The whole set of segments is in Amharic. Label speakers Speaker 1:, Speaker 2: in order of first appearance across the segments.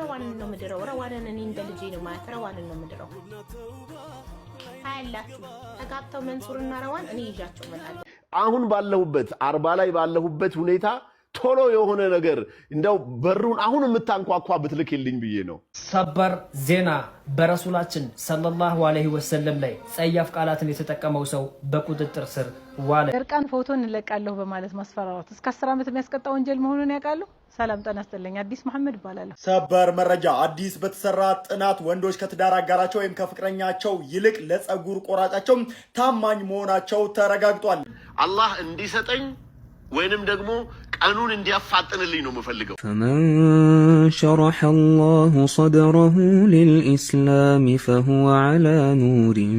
Speaker 1: ረዋንን ነው ምድረው። ረዋንን እኔ እንደ ልጄ ነው ማለት ረዋንን ነው ምድረው። አያላችሁ ተጋብተው መንሱርና ረዋን እኔ ይዣቸው እመጣለሁ።
Speaker 2: አሁን ባለሁበት አርባ ላይ ባለሁበት ሁኔታ ቶሎ የሆነ ነገር እንደው በሩን አሁን የምታንኳኳ ብትልክልኝ ብዬ ነው።
Speaker 3: ሰበር ዜና በረሱላችን ሰለላሁ አለይሂ ወሰለም ላይ ጸያፍ ቃላትን የተጠቀመው ሰው በቁጥጥር ስር ዋለ።
Speaker 4: እርቃን ፎቶ እንለቃለሁ በማለት ማስፈራራት እስከ አስር ዓመት የሚያስቀጣ ወንጀል መሆኑን ያውቃሉ። ሰላም ጤና ይስጥልኝ። አዲስ መሐመድ እባላለሁ።
Speaker 2: ሰበር መረጃ። አዲስ በተሰራ ጥናት ወንዶች ከትዳር አጋራቸው ወይም ከፍቅረኛቸው ይልቅ ለጸጉር ቆራጫቸው ታማኝ መሆናቸው ተረጋግጧል።
Speaker 5: አላህ እንዲሰጠኝ ወይንም ደግሞ ቀኑን እንዲያፋጥንልኝ ነው የምፈልገው።
Speaker 6: ፈመን ሸረሐ አላሁ ሰድረሁ ሊልኢስላሚ ፈሁወ ዐላ ኑሪን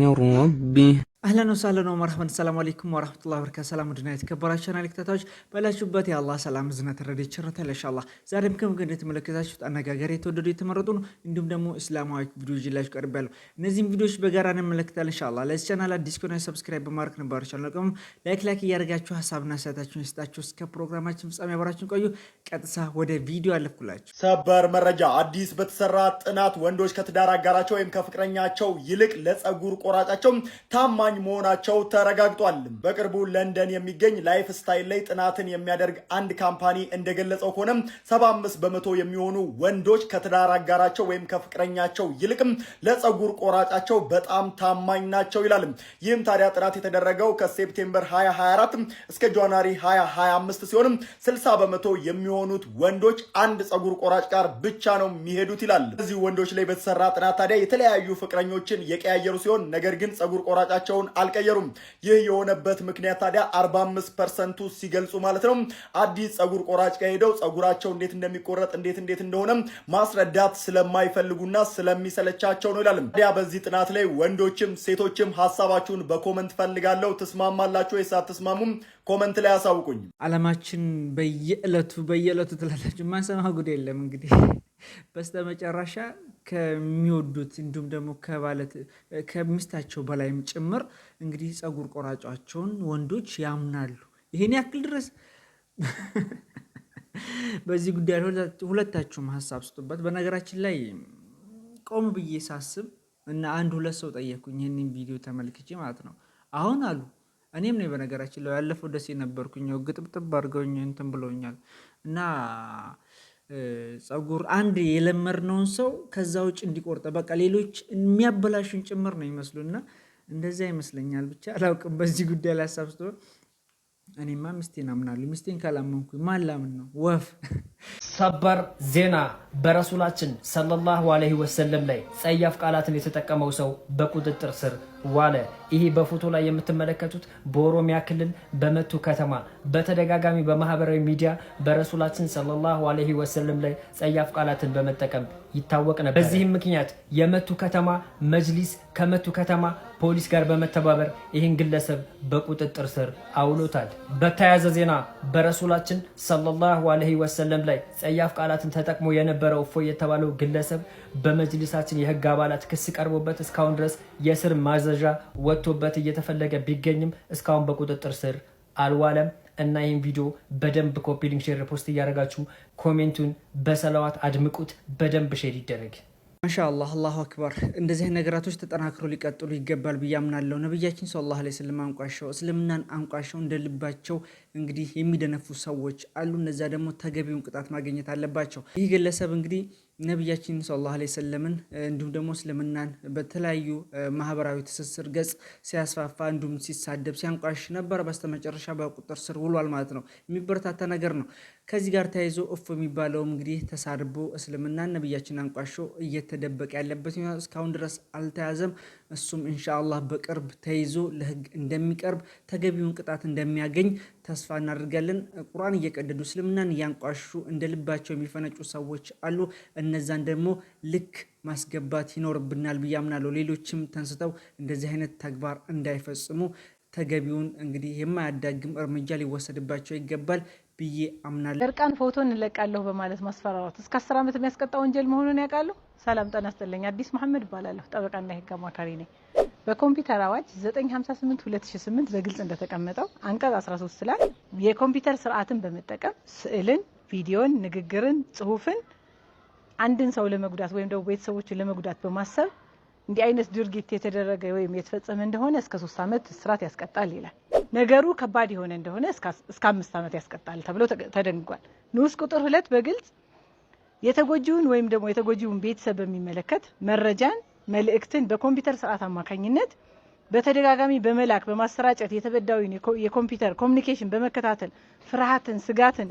Speaker 6: ሚን ረቢህ
Speaker 7: አህለን ወሳለን ወመርሐመን ሰላም አለይኩም ወራህመቱላሂ ወበረካቱ። ሰላም ድና የተከበራችሁ ተከታታዮች በላችሁበት የአላህ ሰላም እዝነት ረድኤት ቸርነት ይለሻላህ። ዛሬም ከምግብ እንደተመለከታችሁት አነጋጋሪ የተወደዱ የተመረጡ ነው እንዲሁም ደግሞ እስላማዊ ቪዲዮዎች ይዤላችሁ ቀርቤያለሁ። እነዚህም ቪዲዮዎች በጋራ እንመለከታለን ኢንሻአላህ። ለዚህ ቻናል አዲስ ከሆናችሁ ሰብስክራይብ በማድረግ ነባር ቻናል ደግሞ ላይክ ላይክ እያደረጋችሁ ሀሳብና አስተያየታችሁን ስጣችሁ እስከ ፕሮግራማችን ፍጻሜ አብራችሁን ቆዩ። ቀጥታ ወደ ቪዲዮ አለፍኩላችሁ።
Speaker 2: ሰበር መረጃ፣ አዲስ በተሰራ ጥናት ወንዶች ከትዳር አጋራቸው ወይም ከፍቅረኛቸው ይልቅ ለፀጉር ቆራጫቸው ታማ ታማኝ መሆናቸው ተረጋግጧል። በቅርቡ ለንደን የሚገኝ ላይፍ ስታይል ላይ ጥናትን የሚያደርግ አንድ ካምፓኒ እንደገለጸው ከሆነም 75 በመቶ የሚሆኑ ወንዶች ከትዳር አጋራቸው ወይም ከፍቅረኛቸው ይልቅም ለፀጉር ቆራጫቸው በጣም ታማኝ ናቸው ይላል። ይህም ታዲያ ጥናት የተደረገው ከሴፕቴምበር 2024 እስከ ጃንዋሪ 2025 ሲሆንም 60 በመቶ የሚሆኑት ወንዶች አንድ ፀጉር ቆራጭ ጋር ብቻ ነው የሚሄዱት ይላል። እዚህ ወንዶች ላይ በተሰራ ጥናት ታዲያ የተለያዩ ፍቅረኞችን የቀያየሩ ሲሆን ነገር ግን ፀጉር ቆራጫቸው አቋማቸውን አልቀየሩም። ይህ የሆነበት ምክንያት ታዲያ 45 ፐርሰንቱ ሲገልጹ ማለት ነው አዲስ ጸጉር ቆራጭ ከሄደው ጸጉራቸው እንዴት እንደሚቆረጥ እንዴት እንዴት እንደሆነ ማስረዳት ስለማይፈልጉና ስለሚሰለቻቸው ነው ይላል። ታዲያ በዚህ ጥናት ላይ ወንዶችም ሴቶችም ሀሳባችሁን በኮመንት ፈልጋለሁ። ትስማማላችሁ ወይስ አትስማሙም? ኮመንት ላይ አሳውቁኝ።
Speaker 8: አለማችን በየዕለቱ በየዕለቱ ትላላችሁ። ማንሰማ ጉድ የለም እንግዲህ በስተመጨረሻ ከሚወዱት እንዲሁም ደግሞ ከሚስታቸው በላይም ጭምር እንግዲህ ፀጉር ቆራጫቸውን ወንዶች ያምናሉ። ይሄን ያክል ድረስ በዚህ ጉዳይ ሁለታችሁም ሀሳብ ስጡበት። በነገራችን ላይ ቆም ብዬ ሳስብ እና አንድ ሁለት ሰው ጠየኩኝ፣ ይህንን ቪዲዮ ተመልክቼ ማለት ነው። አሁን አሉ እኔም ነው በነገራችን ላይ ያለፈው ደሴ ነበርኩኝ፣ ግጥብጥብ አድርገውኝ እንትን ብለውኛል እና ፀጉር አንድ የለመድነውን ሰው ከዛ ውጭ እንዲቆርጠ በቃ ሌሎች የሚያበላሹን ጭምር ነው ይመስሉና እንደዚያ ይመስለኛል። ብቻ አላውቅም በዚህ ጉዳይ ላይ ሀሳብ ስትሆን እኔማ ሚስቴን አምናለሁ። ሚስቴን ካላመንኩ ማላምን ነው ወፍ
Speaker 3: ሰበር ዜና በረሱላችን ሰለላሁ አለይሂ ወሰለም ላይ ጸያፍ ቃላትን የተጠቀመው ሰው በቁጥጥር ስር ዋለ። ይህ በፎቶ ላይ የምትመለከቱት በኦሮሚያ ክልል በመቱ ከተማ በተደጋጋሚ በማህበራዊ ሚዲያ በረሱላችን ሰለላሁ አለይሂ ወሰለም ላይ ጸያፍ ቃላትን በመጠቀም ይታወቅ ነበር። በዚህም ምክንያት የመቱ ከተማ መጅሊስ ከመቱ ከተማ ፖሊስ ጋር በመተባበር ይህን ግለሰብ በቁጥጥር ስር አውሎታል። በተያያዘ ዜና በረሱላችን ሰለላሁ አለይሂ ወሰለም ላይ ጸያፍ ቃላትን ተጠቅሞ የነበረው እፎይ የተባለው ግለሰብ በመጅልሳችን የህግ አባላት ክስ ቀርቦበት እስካሁን ድረስ የስር ማዘዣ ወጥቶበት እየተፈለገ ቢገኝም እስካሁን በቁጥጥር ስር አልዋለም። እና ይህን ቪዲዮ በደንብ ኮፒ ሊንክ፣ ሼር፣ ፖስት እያደረጋችሁ ኮሜንቱን በሰላዋት አድምቁት። በደንብ ሼር ይደረግ።
Speaker 9: ማሻአላህ አላሁ አክበር። እንደዚህ ነገራቶች ተጠናክሮ ሊቀጥሉ ይገባል ብዬ አምናለሁ። ነቢያችን ሰለላሁ ዐለይሂ ወሰለም አንቋሸው እስልምናን አንቋሸው እንደ ልባቸው እንግዲህ የሚደነፉ ሰዎች አሉ። እነዛ ደግሞ ተገቢውን ቅጣት ማግኘት አለባቸው። ይህ ግለሰብ እንግዲህ ነቢያችን ሰለላሁ ዐለይሂ ወሰለምን እንዲሁም ደግሞ እስልምናን በተለያዩ ማህበራዊ ትስስር ገጽ ሲያስፋፋ እንዲሁም ሲሳደብ ሲያንቋሽ ነበር። በስተመጨረሻ በቁጥር ስር ውሏል ማለት ነው። የሚበረታታ ነገር ነው። ከዚህ ጋር ተያይዞ እፎ የሚባለው እንግዲህ ተሳድቦ እስልምናን ነቢያችን አንቋሾ እየተደበቀ ያለበት እስካሁን ድረስ አልተያዘም። እሱም ኢንሻአላህ በቅርብ ተይዞ ለህግ እንደሚቀርብ ተገቢውን ቅጣት እንደሚያገኝ ተስፋ እናደርጋለን። ቁርአን እየቀደዱ እስልምናን እያንቋሹ እንደ ልባቸው የሚፈነጩ ሰዎች አሉ። እነዛን ደግሞ ልክ ማስገባት ይኖርብናል ብዬ አምናለሁ። ሌሎችም ተንስተው እንደዚህ አይነት ተግባር እንዳይፈጽሙ ተገቢውን እንግዲህ የማያዳግም እርምጃ ሊወሰድባቸው ይገባል ብዬ አምናለሁ።
Speaker 4: እርቃን ፎቶ እንለቃለሁ በማለት ማስፈራራት እስከ አስር ዓመት የሚያስቀጣ ወንጀል መሆኑን ያውቃሉ። ሰላም ጤና ይስጥልኝ። አዲስ መሐመድ እባላለሁ። ጠበቃና የህግ አማካሪ ነኝ። በኮምፒውተር አዋጅ 958 2008 በግልጽ እንደተቀመጠው አንቀጽ 13 ላይ የኮምፒውተር ስርዓትን በመጠቀም ስዕልን፣ ቪዲዮን፣ ንግግርን፣ ጽሁፍን አንድን ሰው ለመጉዳት ወይም ደግሞ ቤተሰቦችን ለመጉዳት በማሰብ እንዲህ አይነት ድርጊት የተደረገ ወይም የተፈጸመ እንደሆነ እስከ ሶስት ዓመት እስራት ያስቀጣል ይላል። ነገሩ ከባድ የሆነ እንደሆነ እስከ አምስት ዓመት ያስቀጣል ተብሎ ተደንጓል። ንዑስ ቁጥር ሁለት በግልጽ የተጎጂውን ወይም ደግሞ የተጎጂውን ቤተሰብ በሚመለከት መረጃን፣ መልእክትን በኮምፒውተር ስርዓት አማካኝነት በተደጋጋሚ በመላክ በማሰራጨት የተበዳዩን የኮምፒውተር ኮሚኒኬሽን በመከታተል ፍርሃትን፣ ስጋትን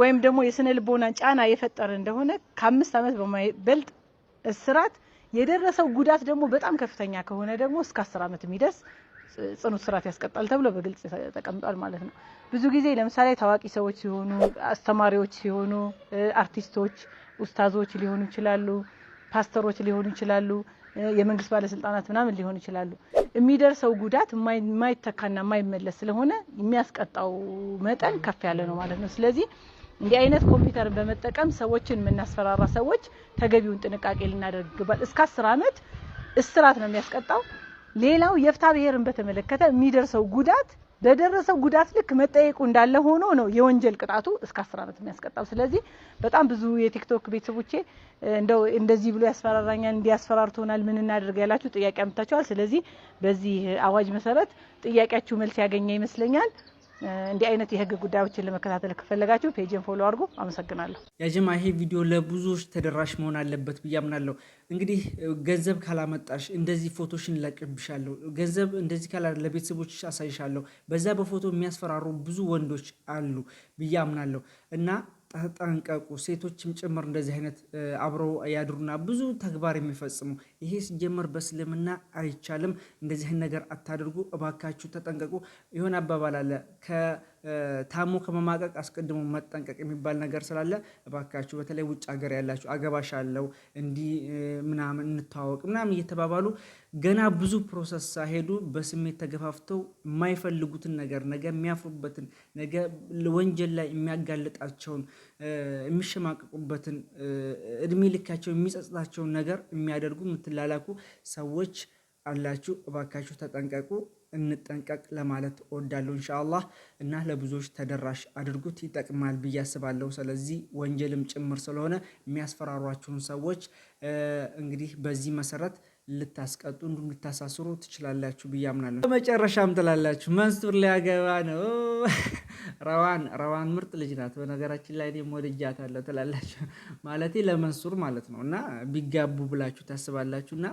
Speaker 4: ወይም ደግሞ የስነ ልቦናን ጫና የፈጠረ እንደሆነ ከአምስት ዓመት በማይበልጥ እስራት የደረሰው ጉዳት ደግሞ በጣም ከፍተኛ ከሆነ ደግሞ እስከ አስር ዓመት የሚደርስ ጽኑ እስራት ያስቀጣል ተብሎ በግልጽ ተቀምጧል ማለት ነው። ብዙ ጊዜ ለምሳሌ ታዋቂ ሰዎች ሲሆኑ፣ አስተማሪዎች ሲሆኑ፣ አርቲስቶች፣ ኡስታዞች ሊሆኑ ይችላሉ፣ ፓስተሮች ሊሆኑ ይችላሉ፣ የመንግስት ባለስልጣናት ምናምን ሊሆኑ ይችላሉ። የሚደርሰው ጉዳት የማይተካና የማይመለስ ስለሆነ የሚያስቀጣው መጠን ከፍ ያለ ነው ማለት ነው። ስለዚህ እንዲህ አይነት ኮምፒውተርን በመጠቀም ሰዎችን የምናስፈራራ ሰዎች ተገቢውን ጥንቃቄ ልናደርግ ይገባል። እስከ አስር ዓመት እስራት ነው የሚያስቀጣው። ሌላው የፍታ ብሔርን በተመለከተ የሚደርሰው ጉዳት በደረሰው ጉዳት ልክ መጠየቁ እንዳለ ሆኖ ነው የወንጀል ቅጣቱ እስከ አስር ዓመት የሚያስቀጣው። ስለዚህ በጣም ብዙ የቲክቶክ ቤተሰቦቼ እንደው እንደዚህ ብሎ ያስፈራራኛል፣ እንዲያስፈራርቶናል፣ ምን እናደርግ ያላችሁ ጥያቄ አምጥታችኋል። ስለዚህ በዚህ አዋጅ መሰረት ጥያቄያችሁ መልስ ያገኘ ይመስለኛል። እንዲህ አይነት የህግ ጉዳዮችን ለመከታተል ከፈለጋችሁ ፔጅን ፎሎ አድርጉ። አመሰግናለሁ።
Speaker 8: ያጀማ ይሄ ቪዲዮ ለብዙዎች ተደራሽ መሆን አለበት ብዬ አምናለሁ። እንግዲህ ገንዘብ ካላመጣሽ እንደዚህ ፎቶሽን ላቅብሻለሁ፣ ገንዘብ እንደዚህ ካላ ለቤተሰቦች አሳይሻለሁ፣ በዛ በፎቶ የሚያስፈራሩ ብዙ ወንዶች አሉ ብዬ አምናለሁ እና ተጠንቀቁ። ሴቶችም ጭምር እንደዚህ አይነት አብረው ያድሩና ብዙ ተግባር የሚፈጽሙ ይሄ ሲጀመር በእስልምና አይቻልም። እንደዚህ ነገር አታድርጉ እባካችሁ ተጠንቀቁ። የሆነ አባባል አለ ታሞ ከመማቀቅ አስቀድሞ መጠንቀቅ የሚባል ነገር ስላለ እባካችሁ በተለይ ውጭ ሀገር ያላችሁ አገባሽ አለው እንዲህ ምናምን እንተዋወቅ ምናምን እየተባባሉ ገና ብዙ ፕሮሰስ ሳይሄዱ በስሜት ተገፋፍተው የማይፈልጉትን ነገር ነገ የሚያፍሩበትን ነገ ወንጀል ላይ የሚያጋልጣቸውን የሚሸማቀቁበትን እድሜ ልካቸው የሚጸጽታቸውን ነገር የሚያደርጉ የምትላላኩ ሰዎች አላችሁ። እባካችሁ ተጠንቀቁ። እንጠንቀቅ ለማለት እወዳለሁ። እንሻአላህ እና ለብዙዎች ተደራሽ አድርጉት ይጠቅማል ብዬ አስባለሁ። ስለዚህ ወንጀልም ጭምር ስለሆነ የሚያስፈራሯችሁን ሰዎች እንግዲህ በዚህ መሰረት ልታስቀጡ እንዲሁም ልታሳስሩ ትችላላችሁ ብዬ አምናለሁ። በመጨረሻም ትላላችሁ መንሱር ሊያገባ ነው። ረዋን ረዋን ምርጥ ልጅ ናት። በነገራችን ላይ እኔም ወድጃታለሁ ትላላችሁ። ማለቴ ለመንሱር ማለት ነው እና ቢጋቡ ብላችሁ ታስባላችሁ እና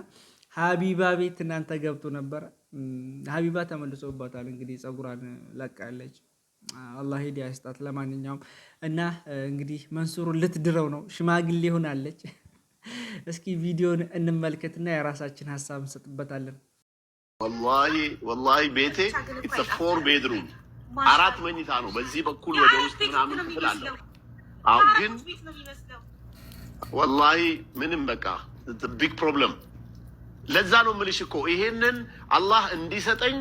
Speaker 8: ሀቢባ ቤት እናንተ ገብቶ ነበረ። ሀቢባ ተመልሶባታል። እንግዲህ ጸጉሯን ለቃለች። አላህ ሂዳያ ይስጣት። ለማንኛውም እና እንግዲህ መንሱሩን ልትድረው ነው፣ ሽማግሌ ሆናለች። እስኪ ቪዲዮን እንመልከትና የራሳችን ሀሳብ እንሰጥበታለን።
Speaker 5: ወላሂ ቤቴ ፎር ቤድሩም አራት መኝታ ነው። በዚህ በኩል ወደ ውስጥ ምናምን ክፍል አለው። ግን ወላሂ ምንም በቃ ቢግ ፕሮብለም ለዛ ነው ምልሽ እኮ ይሄንን አላህ እንዲሰጠኝ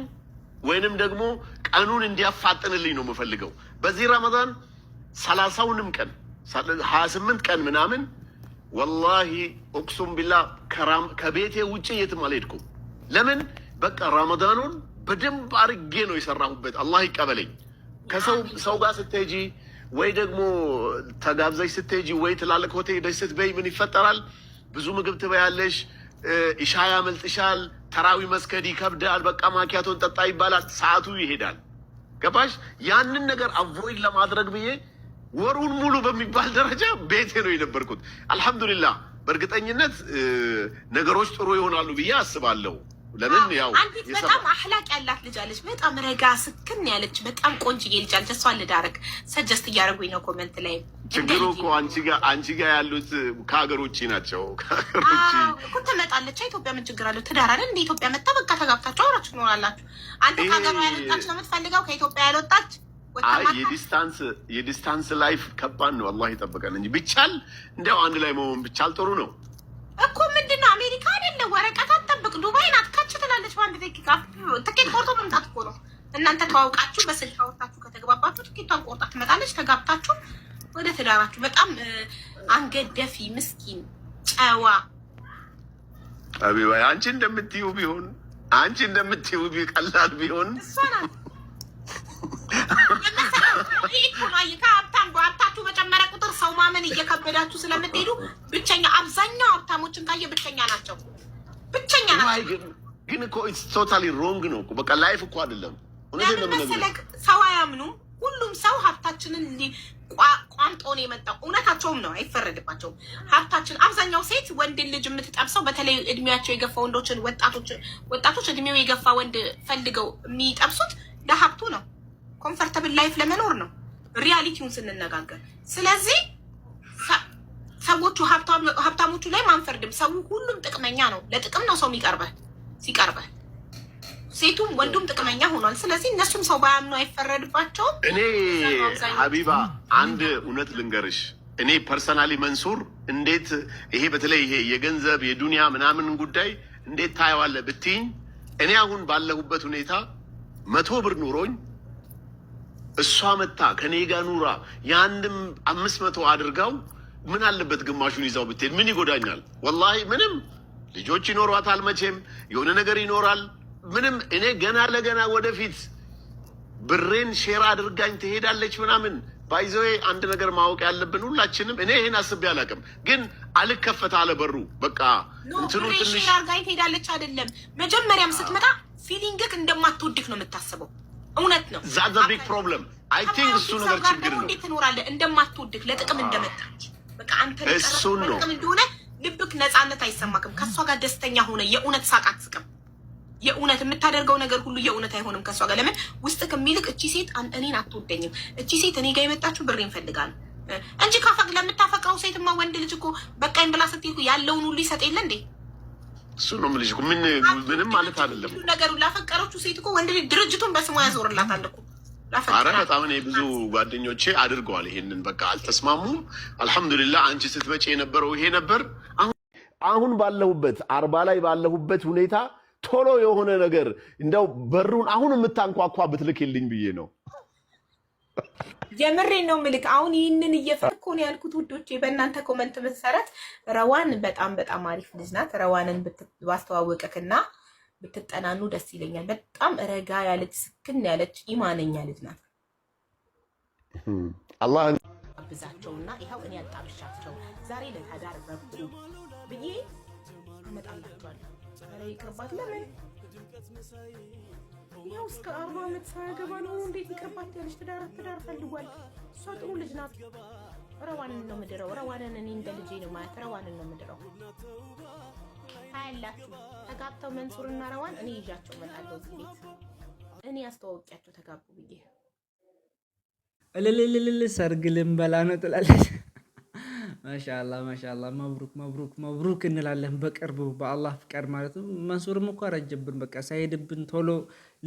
Speaker 5: ወይንም ደግሞ ቀኑን እንዲያፋጥንልኝ ነው የምፈልገው። በዚህ ረመዳን ሰላሳውንም ቀን ሀያ ስምንት ቀን ምናምን ወላሂ ኡቅሱም ቢላ ከቤቴ ውጭ የትም አልሄድኩም። ለምን በቃ ረመዳኑን በደንብ አርጌ ነው የሰራሁበት። አላህ ይቀበለኝ። ከሰው ሰው ጋር ስትሄጂ ወይ ደግሞ ተጋብዘሽ ስትሄጂ ወይ ትላልቅ ሆቴል ደስት በይ ምን ይፈጠራል? ብዙ ምግብ ትበያለሽ። ኢሻ ያመልጥሻል፣ ተራዊ መስገድ ይከብዳል፣ በቃ ማኪያቶን ጠጣ ይባላል፣ ሰዓቱ ይሄዳል። ገባሽ? ያንን ነገር አቮይድ ለማድረግ ብዬ ወሩን ሙሉ በሚባል ደረጃ ቤቴ ነው የነበርኩት። አልሐምዱሊላህ በእርግጠኝነት ነገሮች ጥሩ ይሆናሉ ብዬ አስባለሁ። ለምን ያው
Speaker 4: አንዲት በጣም አህላቅ ያላት ልጅ አለች። በጣም ረጋ ስክን ያለች በጣም ቆንጅዬ ልጅ አለች። እሷን ልዳረግ ሰጀስት እያደረጉኝ ነው ኮመንት ላይ።
Speaker 5: ችግሩ እኮ አንቺ ጋ አንቺ ጋ ያሉት ከሀገር ውጭ ናቸው። ከሀገር
Speaker 4: እኮ ትመጣለች። ኢትዮጵያ ምን ችግር አለው? ትዳር አለ እንደ ኢትዮጵያ መጣ። በቃ ተጋብታችሁ አብራችሁ ትኖራላችሁ። አንተ ከሀገር ያልወጣች ነው የምትፈልገው፣ ከኢትዮጵያ ያልወጣች
Speaker 5: የዲስታንስ የዲስታንስ ላይፍ ከባድ ነው። አላህ ይጠብቀን እንጂ ብቻል እንዲያው አንድ ላይ መሆን ብቻል ጥሩ ነው
Speaker 4: እኮ ምንድን ነው አሜሪካ አይደለ ወረቀት አትጠብቅ ዱባይ ናት ትችላለች። በአንድ ደቂቃ ትኬት ቆርጦ መምጣት እኮ ነው። እናንተ ተዋውቃችሁ በስልክ አውርታችሁ ከተግባባችሁ ትኬቷን ቆርጣ ትመጣለች። ተጋብታችሁ ወደ ትዳራችሁ። በጣም አንገደፊ ምስኪን ጨዋ
Speaker 5: አቢባ፣ አንቺ እንደምትዩ ቢሆን አንቺ እንደምትዩ ቢቀላል ቢሆን
Speaker 4: ሀብታችሁ በጨመረ ቁጥር ሰው ማመን እየከበዳችሁ ስለምትሄዱ ብቸኛ አብዛኛው ሀብታሞችን ካየ ብቸኛ ናቸው፣ ብቸኛ ናቸው።
Speaker 5: ግን እኮ ኢትስ ቶታሊ ሮንግ ነው። በቃ ላይፍ እኮ አይደለም።
Speaker 4: ለምን መሰለህ ሰው አያምኑም። ሁሉም ሰው ሀብታችንን ቋምጦን የመጣው እውነታቸውም ነው፣ አይፈረድባቸውም። ሀብታችን አብዛኛው ሴት ወንድን ልጅ የምትጠብሰው በተለይ እድሜያቸው የገፋ ወንዶችን ወጣቶች እድሜው የገፋ ወንድ ፈልገው የሚጠብሱት ለሀብቱ ነው፣ ኮምፈርተብል ላይፍ ለመኖር ነው። ሪያሊቲውን ስንነጋገር ስለዚህ ሰዎቹ ሀብታሞቹ ላይ አንፈርድም። ሰው ሁሉም ጥቅመኛ ነው። ለጥቅም ነው ሰው የሚቀርበህ ሲቀርበ ሴቱም ወንዱም ጥቅመኛ ሆኗል። ስለዚህ እነሱም ሰው ባያምኑ አይፈረድባቸውም።
Speaker 5: እኔ ሀቢባ አንድ እውነት ልንገርሽ እኔ ፐርሰናሊ መንሱር እንዴት ይሄ በተለይ ይሄ የገንዘብ የዱንያ ምናምን ጉዳይ እንዴት ታየዋለህ ብትይኝ እኔ አሁን ባለሁበት ሁኔታ መቶ ብር ኑሮኝ እሷ መታ ከኔ ጋር ኑራ የአንድም አምስት መቶ አድርጋው ምን አለበት ግማሹን ይዛው ብትሄድ ምን ይጎዳኛል? ወላሂ ምንም ልጆች ይኖሯታል፣ መቼም የሆነ ነገር ይኖራል። ምንም እኔ ገና ለገና ወደፊት ብሬን ሼር አድርጋኝ ትሄዳለች ምናምን ባይዘዌ አንድ ነገር ማወቅ ያለብን ሁላችንም፣ እኔ ይህን አስቤ አላውቅም፣ ግን አልከፈት አለ በሩ። በቃ
Speaker 4: እንትኑ ትንሽ አርጋኝ ትሄዳለች አይደለም። መጀመሪያም ስትመጣ ፊሊንግክ እንደማትወድክ ነው የምታስበው። እውነት ነው።
Speaker 5: ዛዛ ቢግ ፕሮብለም አይ ቲንክ እሱ ነገር
Speaker 4: ችግር ነው። እንዴት ትኖራለህ እንደማትወድክ ለጥቅም እንደመጣች በቃ አንተ እሱን ነው ልብክ ነፃነት አይሰማክም። ከእሷ ጋር ደስተኛ ሆነ የእውነት ሳቅ አትስቅም። የእውነት የምታደርገው ነገር ሁሉ የእውነት አይሆንም ከእሷ ጋር። ለምን ውስጥ ከሚልቅ እቺ ሴት እኔን አትወደኝም፣ እቺ ሴት እኔ ጋር የመጣችው ብር እንፈልጋለን እንጂ ካፈቅ ለምታፈቅረው ሴትማ ወንድ ልጅ እኮ በቃኝ ብላ ስትል ያለውን ሁሉ ይሰጥ የለ እንዴ?
Speaker 5: እሱ ነው የምልሽ። ምን ምንም ማለት አይደለም።
Speaker 4: ነገሩ ላፈቀረችው ሴት እኮ ወንድ ልጅ ድርጅቱን በስሟ ያዞርላት አለኩ።
Speaker 5: አረ በጣም እኔ ብዙ ጓደኞቼ አድርገዋል ይሄንን። በቃ አልተስማሙም። አልሐምዱሊላህ አንቺ ስትመጪ የነበረው ይሄ ነበር
Speaker 2: አሁን ባለሁበት አርባ ላይ ባለሁበት ሁኔታ ቶሎ የሆነ ነገር እንደው በሩን አሁን የምታንኳኳ ብትልክልኝ ብዬ ነው።
Speaker 4: የምሬ ነው ምልክ አሁን ይህንን እየፈለኩ ያልኩት ውዶች፣ በእናንተ ኮመንት መሰረት ረዋን በጣም በጣም አሪፍ ልጅ ናት። ረዋንን ባስተዋወቀክና ብትጠናኑ ደስ ይለኛል። በጣም ረጋ ያለች ስክን ያለች ኢማነኛ ልጅ ናት። አላህ አብዛቸውና ይኸው እኔ አጣብሻቸው ዛሬ ለታዳር ረቡ ብዬ አመጣላቸዋለሁ። ኧረ ይቅርባት ለምን ያው እስከ አርባ ዓመት ሳያገባ ነው። እንዴት ይቅርባት ያለች ትዳር ትዳር ፈልጓል። እሷ ጥሩ ልጅ ናት። ረዋንን ነው ምድረው። ረዋንን እኔ እንደ ልጄ ነው ማለት ረዋንን ነው ምድረው። ታያላችሁ ተጋብተው መንሱርና ረዋን እኔ ይዣቸው እመጣለሁ ቤት እኔ አስተዋውቂያቸው ተጋቡ ብዬ
Speaker 8: እልልልልል ሰርግ ልንበላ ነው ትላለች። ማሻላ ማሻላ መብሩክ መብሩክ መብሩክ እንላለን። በቅርቡ በአላህ ፍቃድ ማለት ነው። መንሱርም እኮ አረጀብን፣ በቃ ሳይሄድብን ቶሎ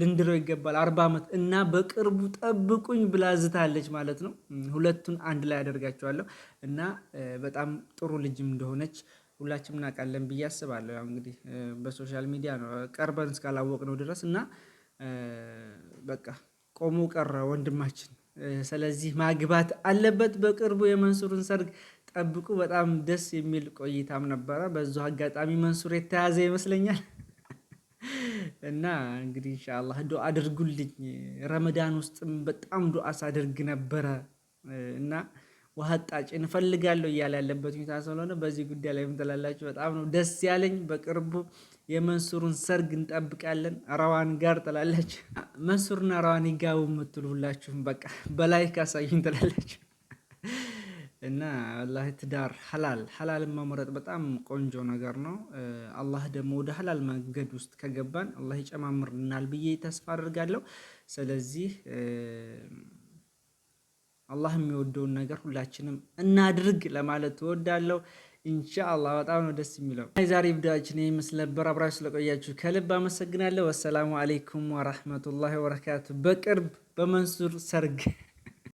Speaker 8: ልንድረው ይገባል። አርባ ዓመት እና በቅርቡ ጠብቁኝ ብላ ዝታለች ማለት ነው። ሁለቱን አንድ ላይ አደርጋቸዋለሁ እና በጣም ጥሩ ልጅም እንደሆነች ሁላችንም እናውቃለን ብዬ አስባለሁ። ያው እንግዲህ በሶሻል ሚዲያ ነው ቀርበን ነው ድረስ እና በቃ ቆሞ ቀረ ወንድማችን። ስለዚህ ማግባት አለበት በቅርቡ የመንሱርን ሰርግ ጠብቁ። በጣም ደስ የሚል ቆይታም ነበረ። በዙ አጋጣሚ መንሱር የተያዘ ይመስለኛል እና እንግዲህ ኢንሻአላህ ዱአ አድርጉልኝ። ረመዳን ውስጥም በጣም ዱአ ሳደርግ ነበረ እና ውሃ አጣጭ እንፈልጋለሁ እያለ ያለበት ሁኔታ ስለሆነ በዚህ ጉዳይ ላይ ምትላላችሁ በጣም ነው ደስ ያለኝ። በቅርቡ የመንሱሩን ሰርግ እንጠብቃለን። ረዋን ጋር ትላላችሁ መንሱርና ረዋን ይጋቡ የምትሉ ሁላችሁም በቃ በላይ ካሳዩኝ ትላላችሁ። እና ወላሂ ትዳር ሐላል ሐላልን መምረጥ በጣም ቆንጆ ነገር ነው። አላህ ደግሞ ወደ ሐላል መንገድ ውስጥ ከገባን አላህ ይጨማምርናል ብዬ ተስፋ አድርጋለሁ ስለዚህ አላህ የሚወደውን ነገር ሁላችንም እናድርግ ለማለት ትወዳለሁ ኢንሻአላህ በጣም ነው ደስ የሚለው። የዛሬ ቪዲዮአችን ይመስል ነበር። አብራችሁ ስለቆያችሁ ከልብ አመሰግናለሁ። ወሰላሙ አለይኩም ወራህመቱላሂ ወበረካቱ። በቅርብ በመንሱር ሰርግ